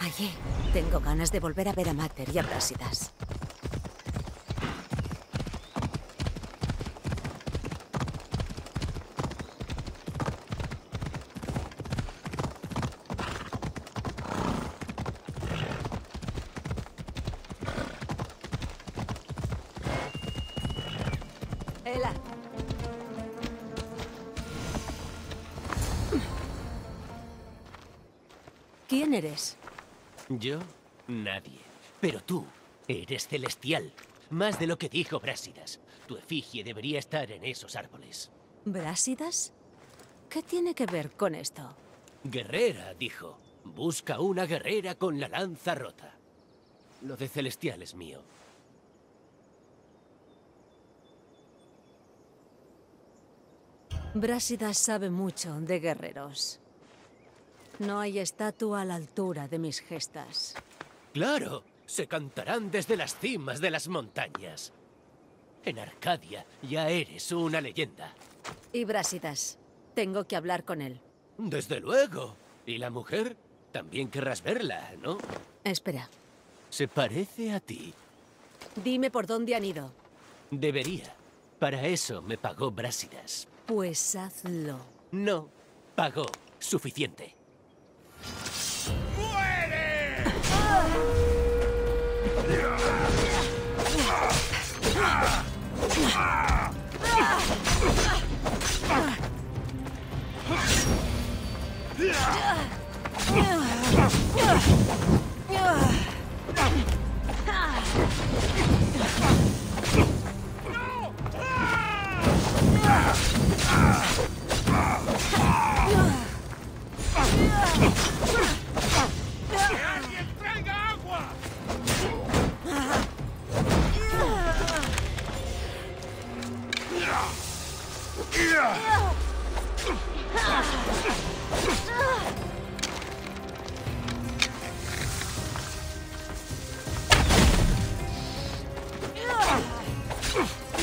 Allí tengo ganas de volver a ver a Mater y a Brásidas. ¿Quién eres? Yo, nadie. Pero tú eres celestial. Más de lo que dijo Brásidas. Tu efigie debería estar en esos árboles. ¿Brásidas? ¿Qué tiene que ver con esto? Guerrera, dijo. Busca una guerrera con la lanza rota. Lo de celestial es mío. Brásidas sabe mucho de guerreros. No hay estatua a la altura de mis gestas. ¡Claro! Se cantarán desde las cimas de las montañas. En Arcadia ya eres una leyenda. Y Brásidas. Tengo que hablar con él. Desde luego. ¿Y la mujer? También querrás verla, ¿no? Espera. Se parece a ti. Dime por dónde han ido. Debería. Para eso me pagó Brásidas. Pues hazlo. No, pagó. Suficiente. Yeah.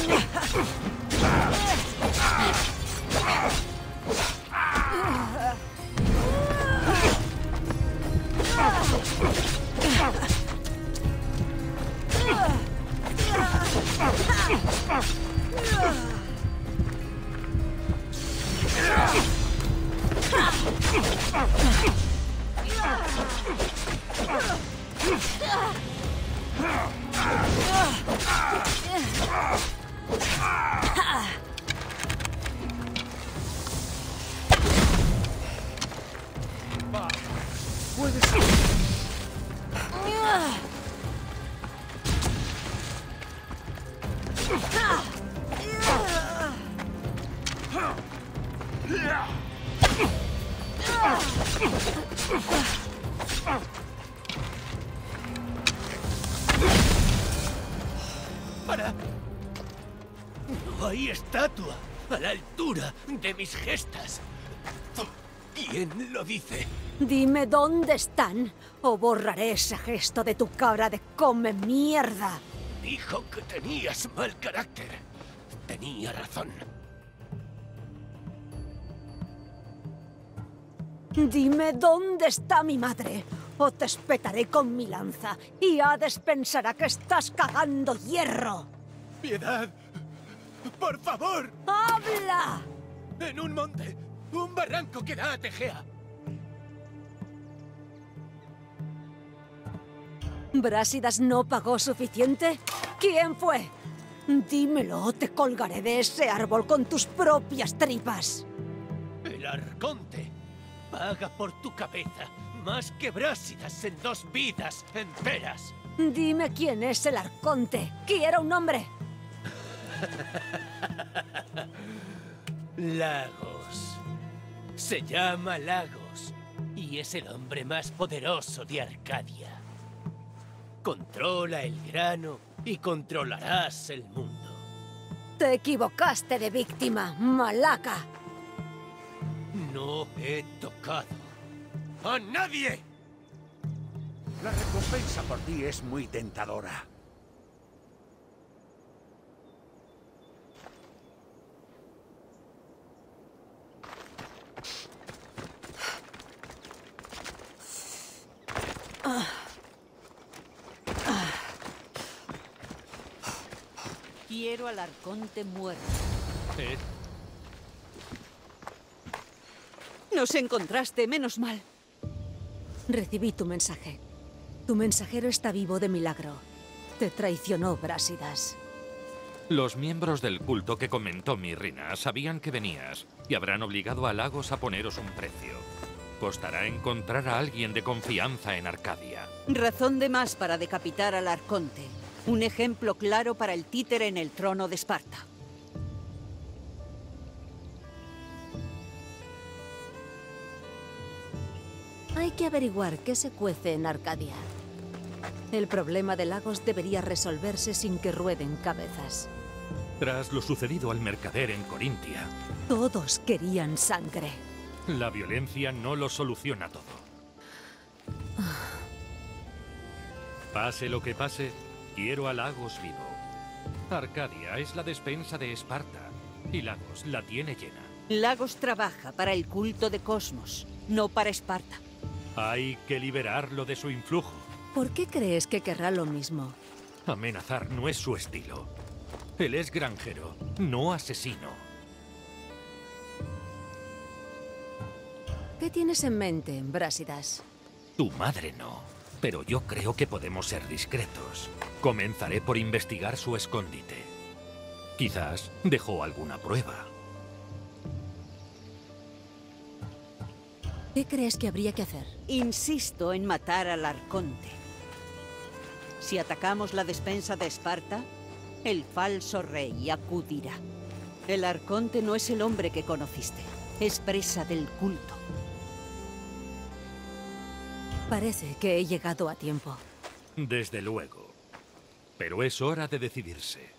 Ah! What a... Uh, Hay estatua a la altura de mis gestas. ¿Quién lo dice? Dime dónde están o borraré ese gesto de tu cara de come mierda. Dijo que tenías mal carácter. Tenía razón. Dime dónde está mi madre o te espetaré con mi lanza y Hades pensará que estás cagando hierro. Piedad, ¡Por favor! ¡Habla! En un monte, un barranco que da a Tegea. ¿Brásidas no pagó suficiente? ¿Quién fue? Dímelo o te colgaré de ese árbol con tus propias tripas. El arconte paga por tu cabeza más que Brásidas en dos vidas enteras. Dime quién es el arconte. Quiero un hombre. Lagos. Se llama Lagos y es el hombre más poderoso de Arcadia. Controla el grano y controlarás el mundo. Te equivocaste de víctima, Malaca. No he tocado a nadie. La recompensa por ti es muy tentadora. Quiero al arconte muerto. ¿Eh? Nos encontraste, menos mal. Recibí tu mensaje. Tu mensajero está vivo de milagro. Te traicionó, Brásidas. Los miembros del culto que comentó Mirrina sabían que venías y habrán obligado a Lagos a poneros un precio. Costará encontrar a alguien de confianza en Arcadia. Razón de más para decapitar al Arconte. Un ejemplo claro para el títere en el trono de Esparta. Hay que averiguar qué se cuece en Arcadia. El problema de Lagos debería resolverse sin que rueden cabezas. Tras lo sucedido al mercader en Corintia... Todos querían sangre. La violencia no lo soluciona todo. Pase lo que pase, quiero a Lagos vivo. Arcadia es la despensa de Esparta y Lagos la tiene llena. Lagos trabaja para el culto de Cosmos, no para Esparta. Hay que liberarlo de su influjo. ¿Por qué crees que querrá lo mismo? Amenazar no es su estilo. Él es granjero, no asesino. ¿Qué tienes en mente, Brásidas? Tu madre no, pero yo creo que podemos ser discretos. Comenzaré por investigar su escondite. Quizás dejó alguna prueba. ¿Qué crees que habría que hacer? Insisto en matar al Arconte. Si atacamos la despensa de Esparta, el falso rey acudirá. El Arconte no es el hombre que conociste, es presa del culto. Parece que he llegado a tiempo. Desde luego. Pero es hora de decidirse.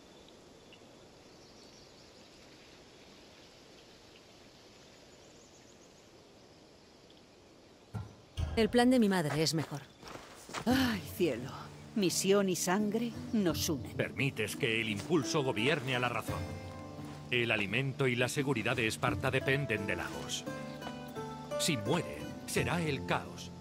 El plan de mi madre es mejor. ¡Ay, cielo! Misión y sangre nos unen. Permites que el impulso gobierne a la razón. El alimento y la seguridad de Esparta dependen de Lagos. Si muere, será el caos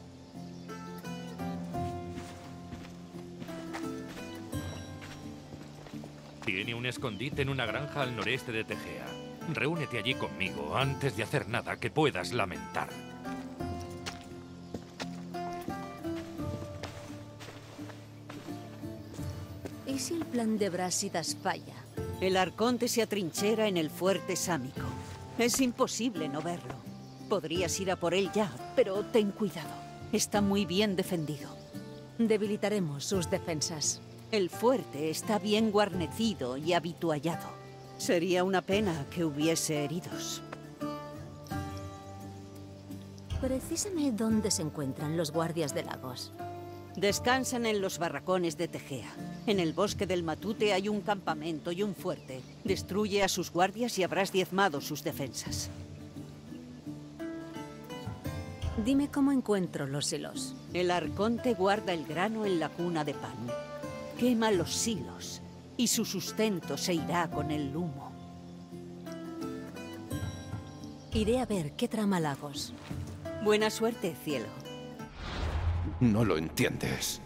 Tiene un escondite en una granja al noreste de Tegea. Reúnete allí conmigo antes de hacer nada que puedas lamentar. ¿Y si el plan de Brásidas falla? El arconte se atrinchera en el fuerte sámico. Es imposible no verlo. Podrías ir a por él ya, pero ten cuidado. Está muy bien defendido. Debilitaremos sus defensas. El fuerte está bien guarnecido y habituallado. Sería una pena que hubiese heridos. Precísame dónde se encuentran los guardias de lagos. Descansan en los barracones de Tegea. En el bosque del Matute hay un campamento y un fuerte. Destruye a sus guardias y habrás diezmado sus defensas. Dime cómo encuentro los celos. El arconte guarda el grano en la cuna de pan. Quema los hilos y su sustento se irá con el humo. Iré a ver qué trama Lagos. Buena suerte, cielo. No lo entiendes.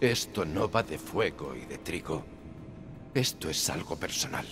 Esto no va de fuego y de trigo. Esto es algo personal.